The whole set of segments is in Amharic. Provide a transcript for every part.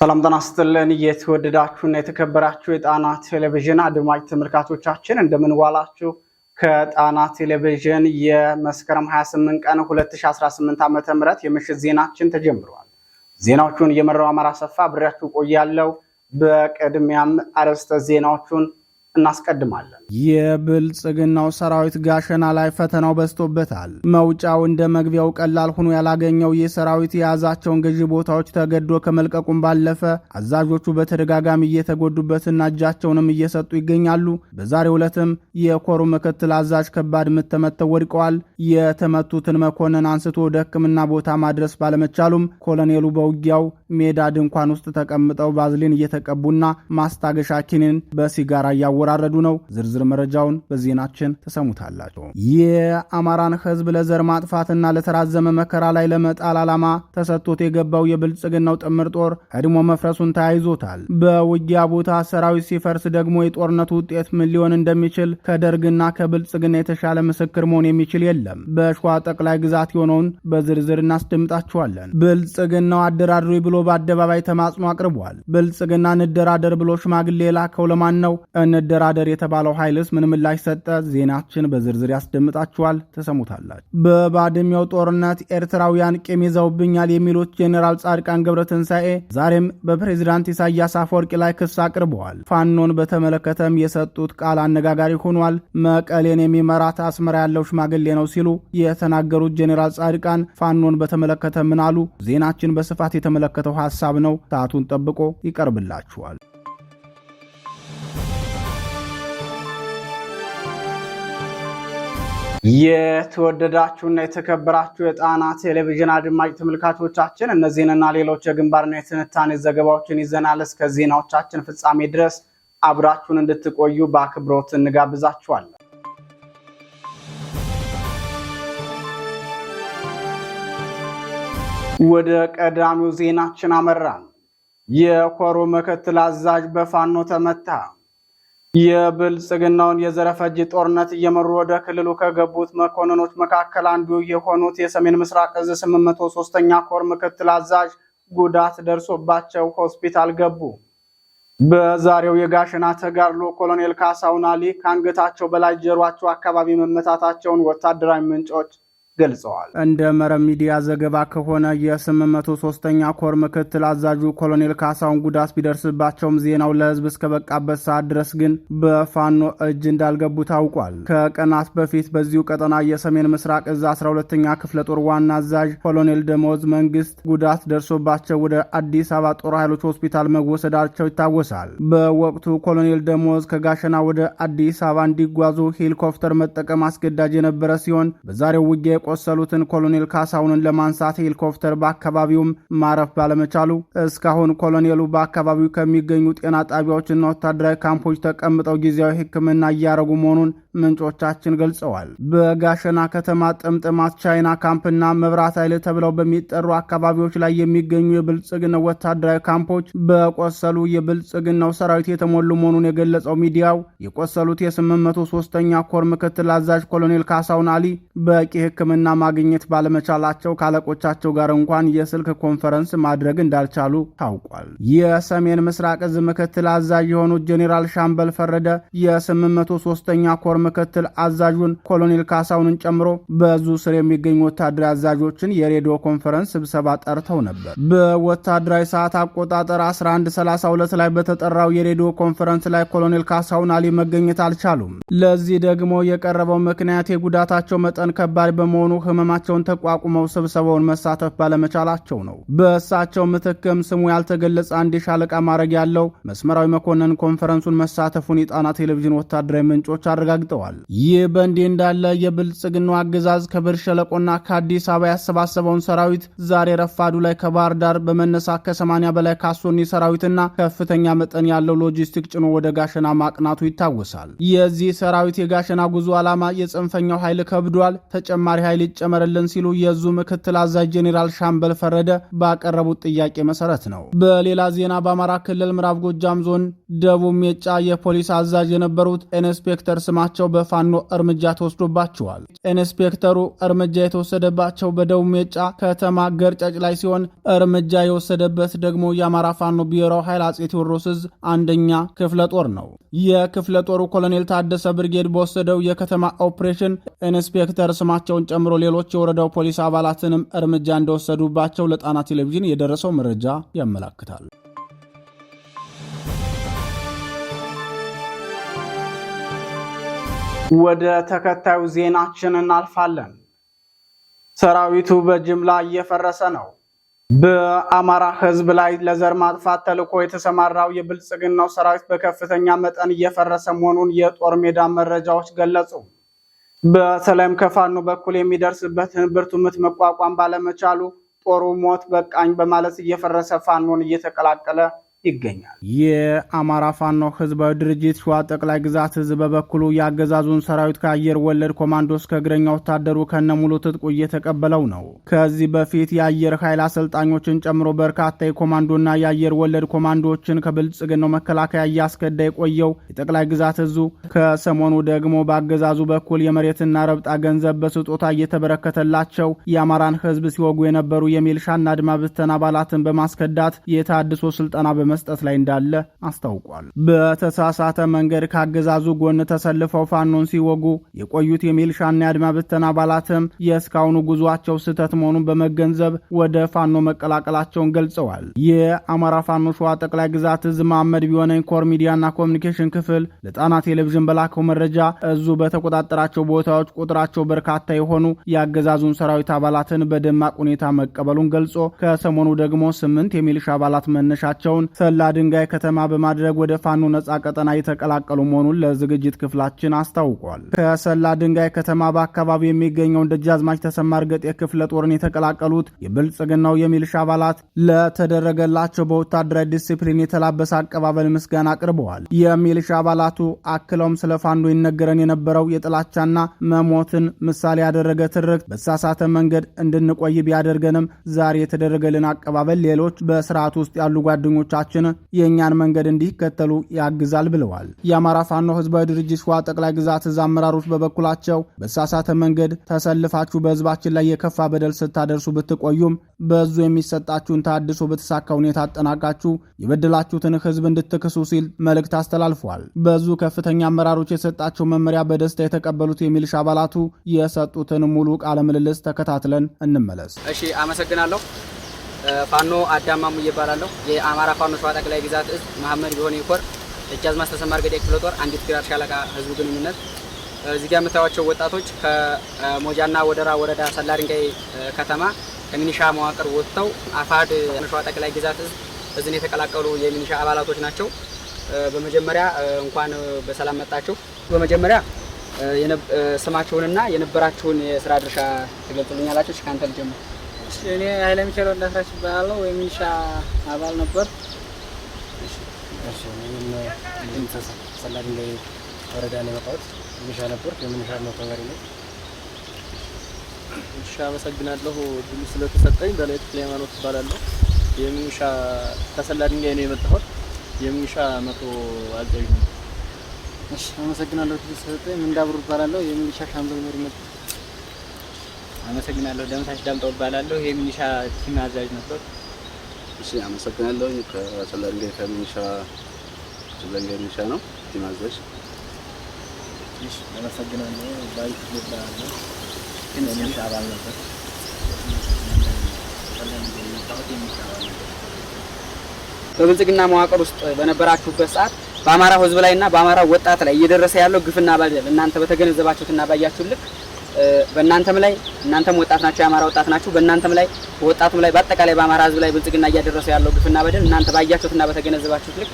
ሰላም ጤና ይስጥልን። የተወደዳችሁና የተከበራችሁ የጣና ቴሌቪዥን አድማጭ ተመልካቾቻችን እንደምንዋላችሁ። ከጣና ቴሌቪዥን የመስከረም 28 ቀን 2018 ም የምሽት ዜናችን ተጀምሯል። ዜናዎቹን እየመራው አማራ ሰፋ ብሬያችሁ ቆያለው። በቅድሚያም አርዕስተ ዜናዎቹን እናስቀድማለን። የብልጽግናው ሰራዊት ጋሸና ላይ ፈተናው በዝቶበታል። መውጫው እንደ መግቢያው ቀላል ሆኖ ያላገኘው ይህ ሰራዊት የያዛቸውን ገዢ ቦታዎች ተገዶ ከመልቀቁም ባለፈ አዛዦቹ በተደጋጋሚ እየተጎዱበትና እጃቸውንም እየሰጡ ይገኛሉ። በዛሬው ዕለትም የኮሩ ምክትል አዛዥ ከባድ ምት ተመተው ወድቀዋል። የተመቱትን መኮንን አንስቶ ወደ ሕክምና ቦታ ማድረስ ባለመቻሉም ኮሎኔሉ በውጊያው ሜዳ ድንኳን ውስጥ ተቀምጠው ባዝሊን እየተቀቡና ማስታገሻ ኪኒን በሲጋራ እያወራረዱ ነው። ዝርዝር መረጃውን በዜናችን ተሰሙታላቸው። የአማራን ህዝብ ለዘር ማጥፋትና ለተራዘመ መከራ ላይ ለመጣል ዓላማ ተሰጥቶት የገባው የብልጽግናው ጥምር ጦር ቀድሞ መፍረሱን ተያይዞታል። በውጊያ ቦታ ሰራዊት ሲፈርስ ደግሞ የጦርነቱ ውጤት ምን ሊሆን እንደሚችል ከደርግና ከብልጽግና የተሻለ ምስክር መሆን የሚችል የለም። በሸዋ ጠቅላይ ግዛት የሆነውን በዝርዝር እናስደምጣችኋለን። ብልጽግናው አደራድሮ ብሎ በአደባባይ ተማጽኖ አቅርቧል። ብልጽግና እንደራደር ብሎ ሽማግሌ የላከው ለማን ነው? እንደራደር የተባለው ኃይልስ ምን ምላሽ ሰጠ? ዜናችን በዝርዝር ያስደምጣችኋል፣ ተሰሙታላችሁ። በባድሜው ጦርነት ኤርትራውያን ቂም ይዘውብኛል የሚሉት ጄኔራል ጻድቃን ገብረ ትንሣኤ ዛሬም በፕሬዚዳንት ኢሳያስ አፈወርቂ ላይ ክስ አቅርበዋል። ፋኖን በተመለከተም የሰጡት ቃል አነጋጋሪ ሆኗል። መቀሌን የሚመራት አስመራ ያለው ሽማግሌ ነው ሲሉ የተናገሩት ጄኔራል ጻድቃን ፋኖን በተመለከተ ምን አሉ? ዜናችን በስፋት የተመለከተው የተካተተው ሐሳብ ነው። ሰዓቱን ጠብቆ ይቀርብላችኋል። የተወደዳችሁና የተከበራችሁ የጣና ቴሌቪዥን አድማጭ ተመልካቾቻችን እነዚህንና ሌሎች የግንባርና የትንታኔ ዘገባዎችን ይዘናል። እስከ ዜናዎቻችን ፍጻሜ ድረስ አብራችሁን እንድትቆዩ በአክብሮት እንጋብዛችኋለን። ወደ ቀዳሚው ዜናችን አመራን። የኮሩ ምክትል አዛዥ በፋኖ ተመታ። የብልጽግናውን የዘረፈጅ ጦርነት እየመሩ ወደ ክልሉ ከገቡት መኮንኖች መካከል አንዱ የሆኑት የሰሜን ምስራቅ እዝ 803ኛ ኮር ምክትል አዛዥ ጉዳት ደርሶባቸው ሆስፒታል ገቡ። በዛሬው የጋሸና ተጋድሎ ኮሎኔል ካሳውን አሊ ከአንገታቸው በላይ ጀሯቸው አካባቢ መመታታቸውን ወታደራዊ ምንጮች ገልጸዋል። እንደ መረብ ሚዲያ ዘገባ ከሆነ የ803ኛ ኮር ምክትል አዛዡ ኮሎኔል ካሳውን ጉዳት ቢደርስባቸውም ዜናው ለህዝብ እስከበቃበት ሰዓት ድረስ ግን በፋኖ እጅ እንዳልገቡ ታውቋል። ከቀናት በፊት በዚሁ ቀጠና የሰሜን ምስራቅ እዝ 12ኛ ክፍለ ጦር ዋና አዛዥ ኮሎኔል ደሞዝ መንግስት ጉዳት ደርሶባቸው ወደ አዲስ አበባ ጦር ኃይሎች ሆስፒታል መወሰዳቸው ይታወሳል። በወቅቱ ኮሎኔል ደሞዝ ከጋሸና ወደ አዲስ አበባ እንዲጓዙ ሄሊኮፕተር መጠቀም አስገዳጅ የነበረ ሲሆን በዛሬው ውጊያ የቆሰሉትን ኮሎኔል ካሳውንን ለማንሳት ሄሊኮፕተር በአካባቢውም ማረፍ ባለመቻሉ እስካሁን ኮሎኔሉ በአካባቢው ከሚገኙ ጤና ጣቢያዎችና ወታደራዊ ካምፖች ተቀምጠው ጊዜያዊ ሕክምና እያደረጉ መሆኑን ምንጮቻችን ገልጸዋል። በጋሸና ከተማ ጥምጥማት ቻይና ካምፕና መብራት ኃይል ተብለው በሚጠሩ አካባቢዎች ላይ የሚገኙ የብልጽግናው ወታደራዊ ካምፖች በቆሰሉ የብልጽግናው ሰራዊት የተሞሉ መሆኑን የገለጸው ሚዲያው የቆሰሉት የ803ኛ ኮር ምክትል አዛዥ ኮሎኔል ካሳውን አሊ በቂ ሕክምና ማግኘት ባለመቻላቸው ካለቆቻቸው ጋር እንኳን የስልክ ኮንፈረንስ ማድረግ እንዳልቻሉ ታውቋል። የሰሜን ምስራቅ እዝ ምክትል አዛዥ የሆኑት ጄኔራል ሻምበል ፈረደ የ803ኛ ኮር ምክትል አዛዡን ኮሎኔል ካሳውንን ጨምሮ በዙ ስር የሚገኙ ወታደራዊ አዛዦችን የሬዲዮ ኮንፈረንስ ስብሰባ ጠርተው ነበር። በወታደራዊ ሰዓት አቆጣጠር 1132 ላይ በተጠራው የሬዲዮ ኮንፈረንስ ላይ ኮሎኔል ካሳውን አሊ መገኘት አልቻሉም። ለዚህ ደግሞ የቀረበው ምክንያት የጉዳታቸው መጠን ከባድ በመሆኑ ህመማቸውን ተቋቁመው ስብሰባውን መሳተፍ ባለመቻላቸው ነው። በእሳቸው ምትክም ስሙ ያልተገለጸ አንድ የሻለቃ ማዕረግ ያለው መስመራዊ መኮንን ኮንፈረንሱን መሳተፉን የጣና ቴሌቪዥን ወታደራዊ ምንጮች አረጋግጠ ተደምጠዋል። ይህ በእንዲህ እንዳለ የብልጽግናው አገዛዝ ከብር ሸለቆና ከአዲስ አበባ ያሰባሰበውን ሰራዊት ዛሬ ረፋዱ ላይ ከባህር ዳር በመነሳት ከ80 በላይ ካሶኒ ሰራዊትና ከፍተኛ መጠን ያለው ሎጂስቲክ ጭኖ ወደ ጋሸና ማቅናቱ ይታወሳል። የዚህ ሰራዊት የጋሸና ጉዞ ዓላማ የጽንፈኛው ኃይል ከብዷል፣ ተጨማሪ ኃይል ይጨመርልን ሲሉ የዙ ምክትል አዛዥ ጄኔራል ሻምበል ፈረደ ባቀረቡት ጥያቄ መሰረት ነው። በሌላ ዜና በአማራ ክልል ምዕራብ ጎጃም ዞን ደቡብ ሜጫ የፖሊስ አዛዥ የነበሩት ኢንስፔክተር ስማቸው በመሆናቸው በፋኖ እርምጃ ተወስዶባቸዋል። ኢንስፔክተሩ እርምጃ የተወሰደባቸው በደቡብ ሜጫ ከተማ ገርጫጭ ላይ ሲሆን እርምጃ የወሰደበት ደግሞ የአማራ ፋኖ ብሔራዊ ኃይል አጼ ቴዎድሮስ እዝ አንደኛ ክፍለ ጦር ነው። የክፍለ ጦሩ ኮሎኔል ታደሰ ብርጌድ በወሰደው የከተማ ኦፕሬሽን ኢንስፔክተር ስማቸውን ጨምሮ ሌሎች የወረዳው ፖሊስ አባላትንም እርምጃ እንደወሰዱባቸው ለጣና ቴሌቪዥን የደረሰው መረጃ ያመላክታል። ወደ ተከታዩ ዜናችን እናልፋለን። ሰራዊቱ በጅምላ እየፈረሰ ነው። በአማራ ሕዝብ ላይ ለዘር ማጥፋት ተልዕኮ የተሰማራው የብልጽግናው ሰራዊት በከፍተኛ መጠን እየፈረሰ መሆኑን የጦር ሜዳ መረጃዎች ገለጹ። በተለይም ከፋኖ በኩል የሚደርስበትን ብርቱ ምት መቋቋም ባለመቻሉ ጦሩ ሞት በቃኝ በማለት እየፈረሰ ፋኖን እየተቀላቀለ ይገኛል። የአማራ ፋኖ ህዝባዊ ድርጅት ሸዋ ጠቅላይ ግዛት ህዝብ በበኩሉ የአገዛዙን ሰራዊት ከአየር ወለድ ኮማንዶ እስከ እግረኛ ወታደሩ ከነሙሉ ትጥቁ እየተቀበለው ነው። ከዚህ በፊት የአየር ኃይል አሰልጣኞችን ጨምሮ በርካታ የኮማንዶና የአየር ወለድ ኮማንዶዎችን ከብልጽግናው መከላከያ እያስከዳ የቆየው የጠቅላይ ግዛት እዙ ከሰሞኑ ደግሞ በአገዛዙ በኩል የመሬትና ረብጣ ገንዘብ በስጦታ እየተበረከተላቸው የአማራን ህዝብ ሲወጉ የነበሩ የሚልሻና አድማ ብተና አባላትን በማስከዳት የታድሶ ስልጠና በ በመስጠት ላይ እንዳለ አስታውቋል። በተሳሳተ መንገድ ከአገዛዙ ጎን ተሰልፈው ፋኖን ሲወጉ የቆዩት የሚልሻና የአድማ ብተን አባላትም የእስካሁኑ ጉዟቸው ስህተት መሆኑን በመገንዘብ ወደ ፋኖ መቀላቀላቸውን ገልጸዋል። የአማራ ፋኖ ሸዋ ጠቅላይ ግዛት እዝ መሐመድ ቢሆነኝ ኮር ሚዲያና ኮሚኒኬሽን ክፍል ለጣና ቴሌቪዥን በላከው መረጃ እዙ በተቆጣጠራቸው ቦታዎች ቁጥራቸው በርካታ የሆኑ የአገዛዙን ሰራዊት አባላትን በደማቅ ሁኔታ መቀበሉን ገልጾ ከሰሞኑ ደግሞ ስምንት የሚልሻ አባላት መነሻቸውን ሰላ ድንጋይ ከተማ በማድረግ ወደ ፋኖ ነጻ ቀጠና እየተቀላቀሉ መሆኑን ለዝግጅት ክፍላችን አስታውቋል። ከሰላ ድንጋይ ከተማ በአካባቢው የሚገኘውን ደጃዝማች ተሰማ እርገጤ ክፍለ ጦርን የተቀላቀሉት የብልጽግናው የሚልሻ አባላት ለተደረገላቸው በወታደራዊ ዲሲፕሊን የተላበሰ አቀባበል ምስጋና አቅርበዋል። የሚልሻ አባላቱ አክለውም ስለ ፋኖ ይነገረን የነበረው የጥላቻና መሞትን ምሳሌ ያደረገ ትርክት በተሳሳተ መንገድ እንድንቆይ ቢያደርገንም ዛሬ የተደረገልን አቀባበል ሌሎች በስርዓት ውስጥ ያሉ ጓደኞቻ መምራታችን የእኛን መንገድ እንዲከተሉ ያግዛል ብለዋል። የአማራ ፋኖ ህዝባዊ ድርጅት ሸዋ ጠቅላይ ግዛት እዝ አመራሮች በበኩላቸው በተሳሳተ መንገድ ተሰልፋችሁ በህዝባችን ላይ የከፋ በደል ስታደርሱ ብትቆዩም በዙ የሚሰጣችሁን ታድሶ በተሳካ ሁኔታ አጠናቃችሁ የበደላችሁትን ህዝብ እንድትክሱ ሲል መልእክት አስተላልፏል። በዙ ከፍተኛ አመራሮች የሰጣቸው መመሪያ በደስታ የተቀበሉት የሚልሻ አባላቱ የሰጡትን ሙሉ ቃለ ምልልስ ተከታትለን እንመለስ። እሺ፣ አመሰግናለሁ። ፋኖ አዳማሙ እየባላለሁ የአማራ ፋኖ ሸዋ ጠቅላይ ግዛት እዝ መሐመድ ቢሆን ይኮር ደጃዝማች ተሰማ እርገጤ ክፍለ ጦር አንዲት ግራር ሻለቃ ህዝብ ግንኙነት። እዚህ ጋር የምታዩዋቸው ወጣቶች ከሞጃና ወደራ ወረዳ ሰላ ድንጋይ ከተማ ከሚኒሻ መዋቅር ወጥተው አፋድ ሸዋ ጠቅላይ ግዛት እዝ እዝን የተቀላቀሉ የሚኒሻ አባላቶች ናቸው። በመጀመሪያ እንኳን በሰላም መጣችሁ። በመጀመሪያ ስማችሁንና የነበራችሁን የስራ ድርሻ ትገልጽልኛላችሁ? ከአንተ ልጀምር። እኔ ኃይለ ሚካኤል ወዳፍራሽ ይባላለሁ ወይም አባል ነበር። ሰላድ ላይ ወረዳ ነው የመጣሁት። ሚሊሻ ነበር። የሚሊሻ መኮመሪ ነው። እሺ፣ አመሰግናለሁ ድሉ ስለተሰጠኝ። በላይ ክፍለ ሃይማኖት ይባላለሁ። የሚሊሻ ከሰላድ ነው የመጣሁት። የሚሊሻ መቶ አዛዥ ነው። እሺ፣ አመሰግናለሁ ድሉ ስለተሰጠኝ። ምንዳብሩ ይባላለሁ። የሚሊሻ ሻምበል መሪ ነበር። አመሰግናለሁ። ደምሳሽ ዳምጠው እባላለሁ። ሚኒሻ ቲም አዛዥ ነበር። እሺ፣ አመሰግናለሁ። ከሰለንጌ ከሚኒሻ ሰለንጌ ሚኒሻ ነው ቲም አዛዥ። እሺ፣ አመሰግናለሁ። ባይ ይባላል። የሚኒሻ አባል ነበር። በብልጽግና መዋቅር ውስጥ በነበራችሁበት ሰዓት በአማራው ሕዝብ ላይና በአማራው ወጣት ላይ እየደረሰ ያለው ግፍና በደል እናንተ በተገነዘባችሁትና ባያችሁ ልክ በእናንተም ላይ እናንተም ወጣት ናችሁ፣ የአማራ ወጣት ናችሁ። በእናንተም ላይ በወጣቱም ላይ በአጠቃላይ በአማራ ሕዝብ ላይ ብልጽግና እያደረሰው ያለው ግፍና በደል እናንተ ባያችሁትና በተገነዘባችሁት ልክ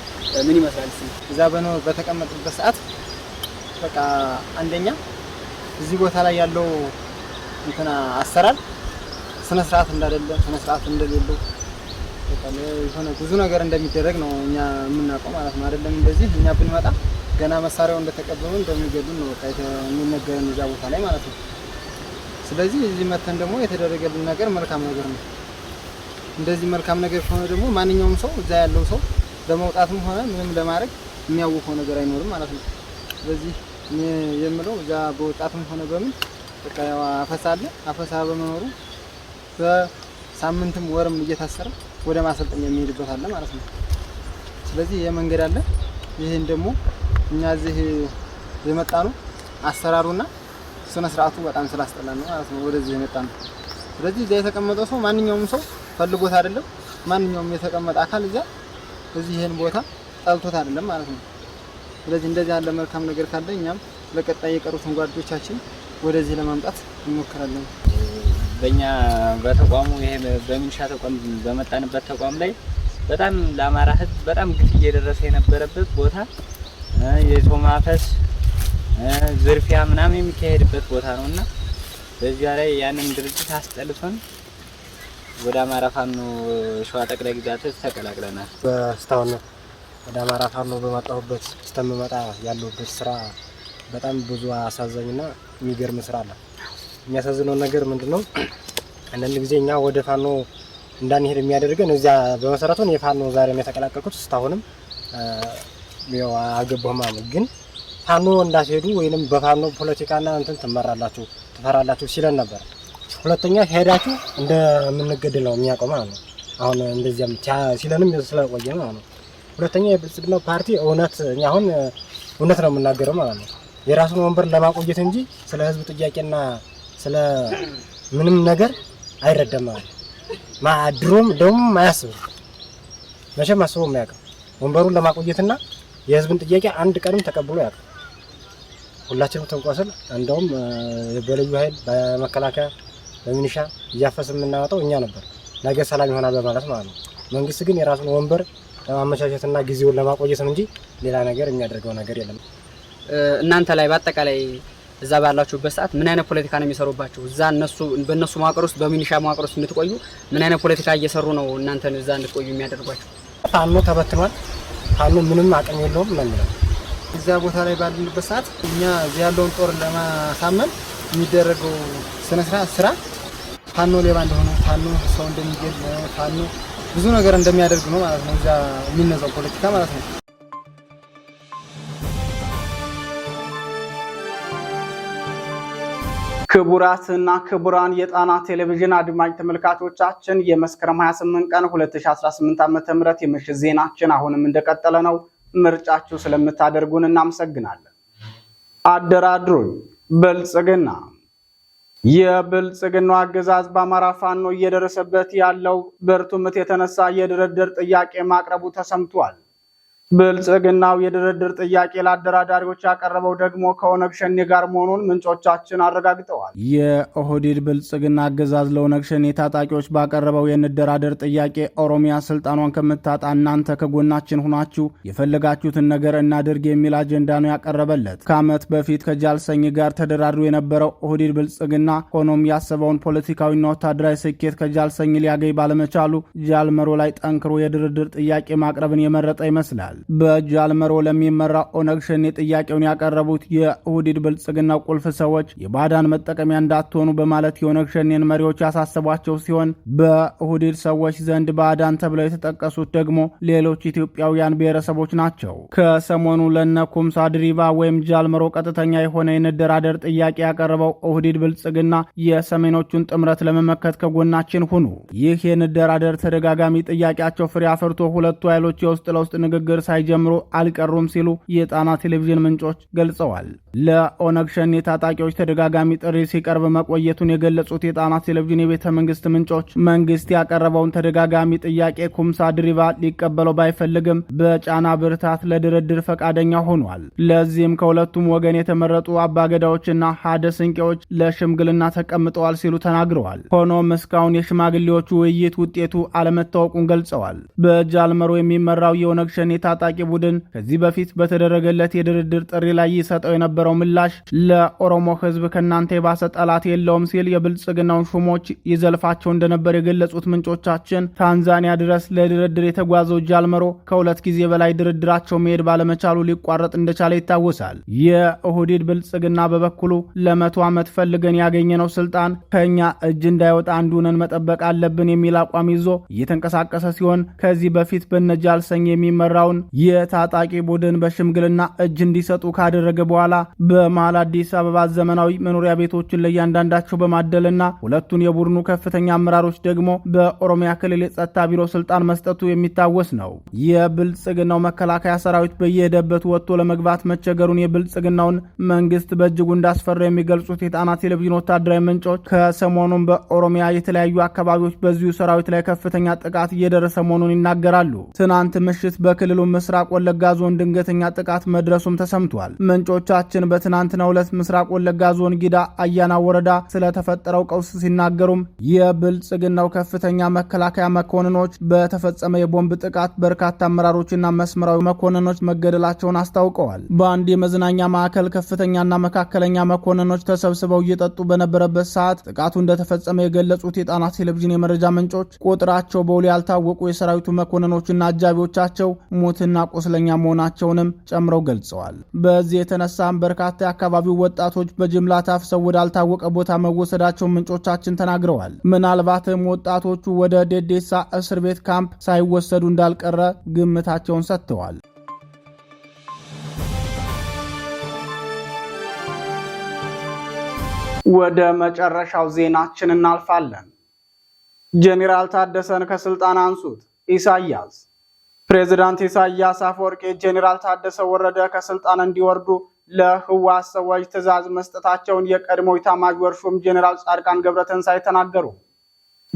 ምን ይመስላል? እዛ በተቀመጥበት ሰዓት በቃ አንደኛ እዚህ ቦታ ላይ ያለው እንትና አሰራር ስነ ስርዓት እንዳደለ ስነ ስርዓት እንደሌለው የሆነ ብዙ ነገር እንደሚደረግ ነው እኛ የምናውቀው ማለት ነው። አይደለም እንደዚህ እኛ ብንመጣ ገና መሳሪያው እንደተቀበሉ እንደሚገዱ ነው በቃ የሚነገረን እዛ ቦታ ላይ ማለት ነው። ስለዚህ እዚህ መተን ደግሞ የተደረገልን ነገር መልካም ነገር ነው። እንደዚህ መልካም ነገር ከሆነ ደግሞ ማንኛውም ሰው እዛ ያለው ሰው ለመውጣትም ሆነ ምንም ለማድረግ የሚያውቀው ነገር አይኖርም ማለት ነው። ስለዚህ የምለው እዛ በወጣትም ሆነ በምን በቃ ያው አፈሳ አለ። አፈሳ በመኖሩ በሳምንትም ወርም እየታሰረ ወደ ማሰልጠኛ የሚሄድበት አለ ማለት ነው። ስለዚህ መንገድ አለ። ይህን ደግሞ እኛ እዚህ የመጣ ነው አሰራሩና ስነ ስርዓቱ በጣም ስላስጠላ ነው ማለት ነው ወደዚህ የመጣ ነው። ስለዚህ እዚያ የተቀመጠ ሰው ማንኛውም ሰው ፈልጎት አይደለም። ማንኛውም የተቀመጠ አካል እዚያ እዚህ ይሄን ቦታ ጠልቶት አይደለም ማለት ነው። ስለዚህ እንደዚህ ያለ መልካም ነገር ካለ እኛም ለቀጣይ የቀሩትን ጓዶቻችን ወደዚህ ለማምጣት እንሞክራለን። በእኛ በተቋሙ ይሄ በሚኒሻ ተቋም በመጣንበት ተቋም ላይ በጣም ለአማራ ህዝብ በጣም ግፍ እየደረሰ የነበረበት ቦታ የቶማፈስ ዝርፊያ ምናምን የሚካሄድበት ቦታ ነው እና በዚያ ላይ ያንን ድርጅት አስጠልቶን ወደ አማራ ፋኖ ሸዋ ጠቅላይ ግዛት ተቀላቅለናል። በስታሁን ወደ አማራ ፋኖ በመጣሁበት ስተምመጣ ያለሁበት ስራ በጣም ብዙ አሳዛኝና የሚገርም ስራ አለ። የሚያሳዝነው ነገር ምንድን ነው? አንዳንድ ጊዜ እኛ ወደ ፋኖ እንዳንሄድ የሚያደርገን እዚያ በመሰረቱን የፋኖ ዛሬ የተቀላቀልኩት ስታሁንም አልገባሁም ግን ፋኖ እንዳትሄዱ ወይንም በፋኖ ፖለቲካና እንትን ትመራላችሁ ትፈራላችሁ ሲለን ነበር። ሁለተኛ ሄዳችሁ እንደምንገድል ነው የሚያውቀው ማለት ነው። አሁን እንደዚያም ሲለንም ስለቆየ ማለት ነው። ሁለተኛ የብልጽግናው ፓርቲ እውነት እኛ አሁን እውነት ነው የምናገረው ማለት ነው። የራሱን ወንበር ለማቆየት እንጂ ስለ ህዝብ ጥያቄና ስለ ምንም ነገር አይረዳም ማለት ነው። ድሮም ደግሞም አያስብም መቼም አስቦም አያውቅም። ወንበሩን ለማቆየትና የህዝብን ጥያቄ አንድ ቀንም ተቀብሎ ያውቃል ሁላችንም ትንቆስል። እንደውም በልዩ ኃይል በመከላከያ በሚኒሻ እያፈስ የምናወጣው እኛ ነበር፣ ነገ ሰላም ይሆናል በማለት ማለት ነው። መንግስት ግን የራሱን ወንበር ለማመቻቸትና ጊዜውን ለማቆየት ነው እንጂ ሌላ ነገር የሚያደርገው ነገር የለም። እናንተ ላይ በአጠቃላይ እዛ ባላችሁበት ሰዓት ምን አይነት ፖለቲካ ነው የሚሰሩባችሁ? እዛ እነሱ በእነሱ መዋቅር ውስጥ በሚኒሻ መዋቅር ውስጥ እንድትቆዩ ምን አይነት ፖለቲካ እየሰሩ ነው እናንተን እዛ እንድትቆዩ የሚያደርጓችሁ? ፋኖ ተበትኗል። ፋኖ ምንም አቅም የለውም ነው እዚያ ቦታ ላይ ባለንበት ሰዓት እኛ እዚህ ያለውን ጦር ለማሳመን የሚደረገው ስነስርዓት ስራ ፋኖ ሌባ እንደሆነ፣ ፋኖ ሰው እንደሚገል፣ ፋኖ ብዙ ነገር እንደሚያደርግ ነው ማለት ነው። እዚያ የሚነዛው ፖለቲካ ማለት ነው። ክቡራትና ክቡራን የጣና ቴሌቪዥን አድማጭ ተመልካቾቻችን የመስከረም 28 ቀን 2018 ም የምሽት ዜናችን አሁንም እንደቀጠለ ነው። ምርጫችሁ ስለምታደርጉን እናመሰግናለን። አደራድሩኝ ብልጽግና። የብልጽግናው አገዛዝ በአማራ ፋኖ እየደረሰበት ያለው ብርቱ ምት የተነሳ የድርድር ጥያቄ ማቅረቡ ተሰምቷል። ብልጽግናው የድርድር ጥያቄ ለአደራዳሪዎች ያቀረበው ደግሞ ከኦነግ ሸኔ ጋር መሆኑን ምንጮቻችን አረጋግጠዋል። የኦህዴድ ብልጽግና አገዛዝ ለኦነግ ሸኔ ታጣቂዎች ባቀረበው የንደራደር ጥያቄ ኦሮሚያ ስልጣኗን ከምታጣ እናንተ ከጎናችን ሁናችሁ የፈለጋችሁትን ነገር እናድርግ የሚል አጀንዳ ነው ያቀረበለት። ከዓመት በፊት ከጃልሰኝ ጋር ተደራድሮ የነበረው ኦህዴድ ብልጽግና ሆኖም ያሰበውን ፖለቲካዊና ወታደራዊ ስኬት ከጃልሰኝ ሊያገኝ ባለመቻሉ ጃልመሮ ላይ ጠንክሮ የድርድር ጥያቄ ማቅረብን የመረጠ ይመስላል። ተናግረዋል። በጃልመሮ ለሚመራ ኦነግ ሸኔ ጥያቄውን ያቀረቡት የውህዲድ ብልጽግና ቁልፍ ሰዎች የባዳን መጠቀሚያ እንዳትሆኑ በማለት የኦነግ ሸኔን መሪዎች ያሳሰቧቸው ሲሆን በውህዲድ ሰዎች ዘንድ ባዳን ተብለው የተጠቀሱት ደግሞ ሌሎች ኢትዮጵያውያን ብሔረሰቦች ናቸው። ከሰሞኑ ለነ ኩምሳ ድሪባ ወይም ጃልመሮ ቀጥተኛ የሆነ የንደራደር ጥያቄ ያቀረበው ኦህዲድ ብልጽግና የሰሜኖቹን ጥምረት ለመመከት ከጎናችን ሁኑ። ይህ የንደራደር ተደጋጋሚ ጥያቄያቸው ፍሬ አፍርቶ ሁለቱ ኃይሎች የውስጥ ለውስጥ ንግግር ሳይጀምሩ አልቀሩም ሲሉ የጣና ቴሌቪዥን ምንጮች ገልጸዋል። ለኦነግ ሸኔ ታጣቂዎች ተደጋጋሚ ጥሪ ሲቀርብ መቆየቱን የገለጹት የጣና ቴሌቪዥን የቤተ መንግስት ምንጮች መንግስት ያቀረበውን ተደጋጋሚ ጥያቄ ኩምሳ ድሪባ ሊቀበለው ባይፈልግም በጫና ብርታት ለድርድር ፈቃደኛ ሆኗል። ለዚህም ከሁለቱም ወገን የተመረጡ አባገዳዎችና ሀደ ስንቄዎች ለሽምግልና ተቀምጠዋል ሲሉ ተናግረዋል። ሆኖም እስካሁን የሽማግሌዎቹ ውይይት ውጤቱ አለመታወቁን ገልጸዋል። በጃልመሮ የሚመራው የኦነግ ሸኔ ታጣቂ ቡድን ከዚህ በፊት በተደረገለት የድርድር ጥሪ ላይ ይሰጠው የነበረው ምላሽ ለኦሮሞ ህዝብ ከእናንተ የባሰ ጠላት የለውም ሲል የብልጽግናውን ሹሞች ይዘልፋቸው እንደነበር የገለጹት ምንጮቻችን ታንዛኒያ ድረስ ለድርድር የተጓዘው ጃልመሮ ከሁለት ጊዜ በላይ ድርድራቸው መሄድ ባለመቻሉ ሊቋረጥ እንደቻለ ይታወሳል። የኦህዴድ ብልጽግና በበኩሉ ለመቶ ዓመት ፈልገን ያገኘነው ስልጣን ከእኛ እጅ እንዳይወጣ አንዱንን መጠበቅ አለብን የሚል አቋም ይዞ እየተንቀሳቀሰ ሲሆን ከዚህ በፊት በነጃል ሰኝ የሚመራውን የታጣቂ ቡድን በሽምግልና እጅ እንዲሰጡ ካደረገ በኋላ በመሃል አዲስ አበባ ዘመናዊ መኖሪያ ቤቶችን ለእያንዳንዳቸው በማደልና ሁለቱን የቡድኑ ከፍተኛ አመራሮች ደግሞ በኦሮሚያ ክልል የጸጥታ ቢሮ ስልጣን መስጠቱ የሚታወስ ነው። የብልጽግናው መከላከያ ሰራዊት በየሄደበት ወጥቶ ለመግባት መቸገሩን የብልጽግናውን መንግስት በእጅጉ እንዳስፈራ የሚገልጹት የጣና ቴሌቪዥን ወታደራዊ ምንጮች ከሰሞኑን በኦሮሚያ የተለያዩ አካባቢዎች በዚሁ ሰራዊት ላይ ከፍተኛ ጥቃት እየደረሰ መሆኑን ይናገራሉ። ትናንት ምሽት በክልሉ ምስራቅ ወለጋ ዞን ድንገተኛ ጥቃት መድረሱም ተሰምቷል። ምንጮቻችን በትናንትናው ዕለት ምስራቅ ወለጋ ዞን ጊዳ አያና ወረዳ ስለተፈጠረው ቀውስ ሲናገሩም የብልጽግናው ከፍተኛ መከላከያ መኮንኖች በተፈጸመ የቦምብ ጥቃት በርካታ አመራሮችና መስመራዊ መኮንኖች መገደላቸውን አስታውቀዋል። በአንድ የመዝናኛ ማዕከል ከፍተኛና መካከለኛ መኮንኖች ተሰብስበው እየጠጡ በነበረበት ሰዓት ጥቃቱ እንደተፈጸመ የገለጹት የጣና ቴሌቪዥን የመረጃ ምንጮች ቁጥራቸው በውል ያልታወቁ የሰራዊቱ መኮንኖችና አጃቢዎቻቸው ሞት ሙትና ቁስለኛ መሆናቸውንም ጨምረው ገልጸዋል። በዚህ የተነሳም በርካታ የአካባቢው ወጣቶች በጅምላ ታፍሰው ወዳልታወቀ ቦታ መወሰዳቸው ምንጮቻችን ተናግረዋል። ምናልባትም ወጣቶቹ ወደ ዴዴሳ እስር ቤት ካምፕ ሳይወሰዱ እንዳልቀረ ግምታቸውን ሰጥተዋል። ወደ መጨረሻው ዜናችን እናልፋለን። ጄኔራል ታደሰን ከስልጣን አንሱት ኢሳያስ ፕሬዚዳንት ኢሳያስ አፈወርቂ ጄኔራል ታደሰ ወረደ ከስልጣን እንዲወርዱ ለህወሓት ሰዎች ትዕዛዝ መስጠታቸውን የቀድሞ ኢታማዦር ሹም ጄኔራል ጻድቃን ገብረትንሳኤ ተናገሩ።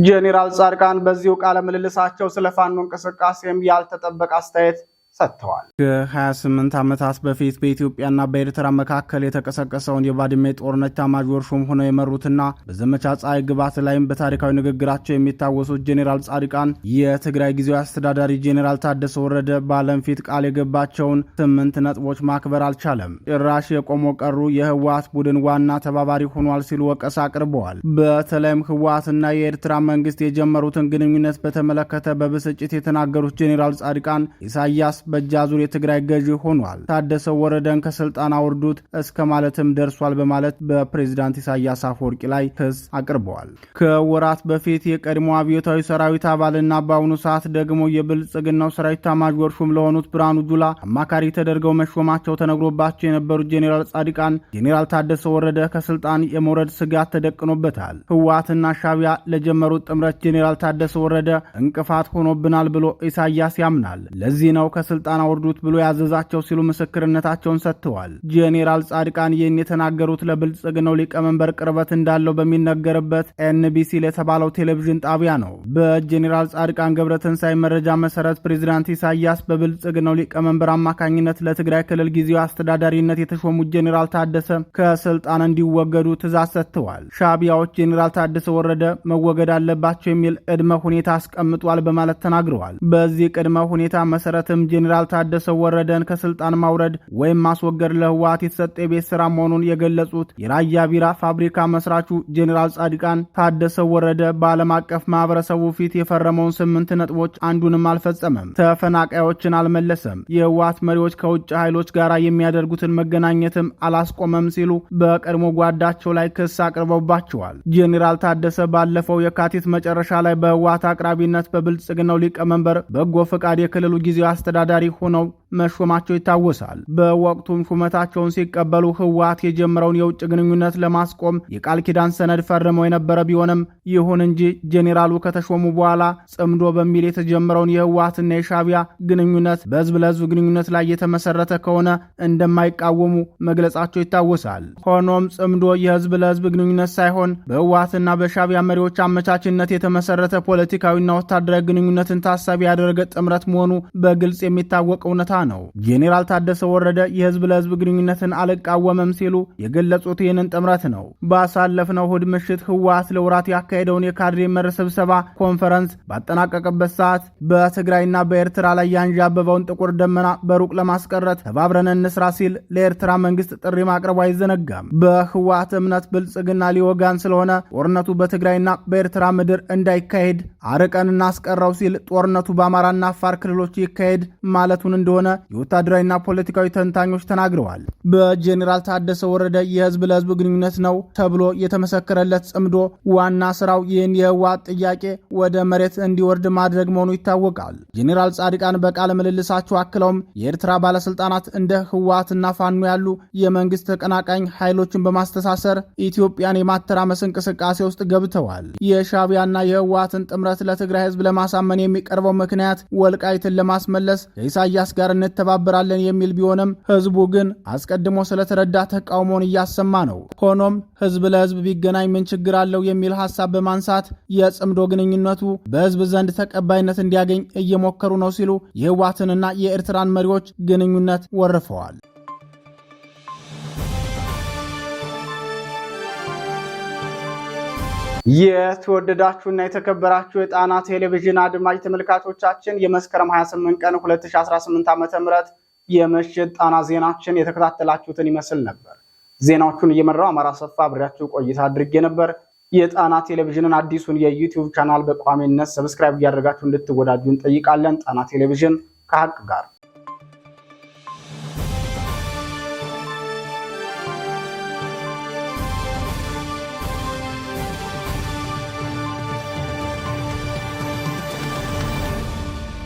ጄኔራል ጻድቃን በዚሁ ቃለ ምልልሳቸው ስለ ፋኖ እንቅስቃሴም ያልተጠበቀ አስተያየት ሰጥተዋል። ከ28 ዓመታት በፊት በኢትዮጵያና በኤርትራ መካከል የተቀሰቀሰውን የባድሜ ጦርነት ኤታማዦር ሹም ሆነው የመሩትና በዘመቻ ፀሐይ ግባት ላይም በታሪካዊ ንግግራቸው የሚታወሱት ጄኔራል ጻድቃን የትግራይ ጊዜያዊ አስተዳዳሪ ጄኔራል ታደሰ ወረደ በዓለም ፊት ቃል የገባቸውን ስምንት ነጥቦች ማክበር አልቻለም፣ ጭራሽ የቆሞ ቀሩ የህወሀት ቡድን ዋና ተባባሪ ሆኗል ሲሉ ወቀሳ አቅርበዋል። በተለይም ህወሀትና የኤርትራ መንግስት የጀመሩትን ግንኙነት በተመለከተ በብስጭት የተናገሩት ጄኔራል ጻድቃን ኢሳያስ በእጃዙር የትግራይ ገዢ ሆኗል፣ ታደሰ ወረደን ከስልጣን አውርዱት እስከ ማለትም ደርሷል በማለት በፕሬዚዳንት ኢሳያስ አፈወርቂ ላይ ክስ አቅርበዋል። ከወራት በፊት የቀድሞ አብዮታዊ ሰራዊት አባልና በአሁኑ ሰዓት ደግሞ የብልጽግናው ሰራዊት ኤታማዦር ሹም ለሆኑት ብርሃኑ ጁላ አማካሪ ተደርገው መሾማቸው ተነግሮባቸው የነበሩት ጄኔራል ጻድቃን ጄኔራል ታደሰ ወረደ ከስልጣን የመውረድ ስጋት ተደቅኖበታል። ህወሓትና ሻቢያ ለጀመሩት ጥምረት ጄኔራል ታደሰ ወረደ እንቅፋት ሆኖብናል ብሎ ኢሳያስ ያምናል። ለዚህ ነው ከስልጣን አውርዱት ብሎ ያዘዛቸው ሲሉ ምስክርነታቸውን ሰጥተዋል። ጄኔራል ጻድቃን ይህን የተናገሩት ለብልጽግናው ሊቀመንበር ቅርበት እንዳለው በሚነገርበት ኤንቢሲ ለተባለው ቴሌቪዥን ጣቢያ ነው። በጄኔራል ጻድቃን ገብረትንሳኤ መረጃ መሰረት ፕሬዚዳንት ኢሳያስ በብልጽግናው ሊቀመንበር አማካኝነት ለትግራይ ክልል ጊዜያዊ አስተዳዳሪነት የተሾሙት ጄኔራል ታደሰ ከስልጣን እንዲወገዱ ትእዛዝ ሰጥተዋል። ሻቢያዎች ጄኔራል ታደሰ ወረደ መወገድ አለባቸው የሚል ቅድመ ሁኔታ አስቀምጧል በማለት ተናግረዋል። በዚህ ቅድመ ሁኔታ መሰረትም ጄኔራል ታደሰ ወረደን ከስልጣን ማውረድ ወይም ማስወገድ ለህወሓት የተሰጠ የቤት ስራ መሆኑን የገለጹት የራያ ቢራ ፋብሪካ መስራቹ ጄኔራል ጻድቃን ታደሰ ወረደ በዓለም አቀፍ ማህበረሰቡ ፊት የፈረመውን ስምንት ነጥቦች አንዱንም አልፈጸመም፣ ተፈናቃዮችን አልመለሰም፣ የህወሓት መሪዎች ከውጭ ኃይሎች ጋር የሚያደርጉትን መገናኘትም አላስቆመም ሲሉ በቀድሞ ጓዳቸው ላይ ክስ አቅርበውባቸዋል። ጄኔራል ታደሰ ባለፈው የካቲት መጨረሻ ላይ በህወሓት አቅራቢነት በብልጽግናው ሊቀመንበር በጎ ፈቃድ የክልሉ ጊዜያዊ አስተዳደር ተወዳዳሪ ሆነው መሾማቸው ይታወሳል። በወቅቱም ሹመታቸውን ሲቀበሉ ህወሓት የጀመረውን የውጭ ግንኙነት ለማስቆም የቃል ኪዳን ሰነድ ፈርመው የነበረ ቢሆንም ይሁን እንጂ ጄኔራሉ ከተሾሙ በኋላ ጽምዶ በሚል የተጀመረውን የህወሓትና የሻቢያ ግንኙነት በህዝብ ለህዝብ ግንኙነት ላይ የተመሰረተ ከሆነ እንደማይቃወሙ መግለጻቸው ይታወሳል። ሆኖም ጽምዶ የህዝብ ለህዝብ ግንኙነት ሳይሆን በህወሓትና በሻቢያ መሪዎች አመቻችነት የተመሰረተ ፖለቲካዊና ወታደራዊ ግንኙነትን ታሳቢ ያደረገ ጥምረት መሆኑ በግልጽ የሚታወቅ እውነታ ነው። ጄኔራል ታደሰ ወረደ የህዝብ ለህዝብ ግንኙነትን አልቃወመም ሲሉ የገለጹት ይህንን ጥምረት ነው። ባሳለፍነው እሁድ ምሽት ህወሓት ለውራት ያካሄደውን የካድሬ መር ስብሰባ ኮንፈረንስ ባጠናቀቀበት ሰዓት በትግራይና በኤርትራ ላይ ያንዣበበውን ጥቁር ደመና በሩቅ ለማስቀረት ተባብረን እንስራ ሲል ለኤርትራ መንግስት ጥሪ ማቅረቡ አይዘነጋም። በህወሓት እምነት ብልጽግና ሊወጋን ስለሆነ ጦርነቱ በትግራይና በኤርትራ ምድር እንዳይካሄድ አርቀን እናስቀረው ሲል ጦርነቱ በአማራና አፋር ክልሎች ይካሄድ ማለቱን እንደሆነ እንደሆነ የወታደራዊና ፖለቲካዊ ተንታኞች ተናግረዋል። በጄኔራል ታደሰ ወረደ የህዝብ ለህዝብ ግንኙነት ነው ተብሎ የተመሰከረለት ጽምዶ ዋና ስራው ይህን የህወሓት ጥያቄ ወደ መሬት እንዲወርድ ማድረግ መሆኑ ይታወቃል። ጄኔራል ጻድቃን በቃለ ምልልሳቸው አክለውም የኤርትራ ባለስልጣናት እንደ ህወሓትና ፋኖ ያሉ የመንግስት ተቀናቃኝ ኃይሎችን በማስተሳሰር ኢትዮጵያን የማተራመስ እንቅስቃሴ ውስጥ ገብተዋል። የሻቢያና የህወሓትን ጥምረት ለትግራይ ህዝብ ለማሳመን የሚቀርበው ምክንያት ወልቃይትን ለማስመለስ ከኢሳያስ ጋር እንተባበራለን የሚል ቢሆንም ህዝቡ ግን አስቀድሞ ስለተረዳ ተቃውሞውን እያሰማ ነው። ሆኖም ህዝብ ለህዝብ ቢገናኝ ምን ችግር አለው የሚል ሀሳብ በማንሳት የጽምዶ ግንኙነቱ በህዝብ ዘንድ ተቀባይነት እንዲያገኝ እየሞከሩ ነው ሲሉ የህዋትንና የኤርትራን መሪዎች ግንኙነት ወርፈዋል። የተወደዳችሁና የተከበራችሁ የጣና ቴሌቪዥን አድማጭ ተመልካቾቻችን የመስከረም 28 ቀን 2018 ዓ.ም የምሽት ጣና ዜናችን የተከታተላችሁትን ይመስል ነበር። ዜናዎቹን እየመራው አማራ ሰፋ አብሬያችሁ ቆይታ አድርጌ ነበር። የጣና ቴሌቪዥንን አዲሱን የዩቲዩብ ቻናል በቋሚነት ሰብስክራይብ እያደረጋችሁ እንድትወዳጁ እንጠይቃለን። ጣና ቴሌቪዥን ከሀቅ ጋር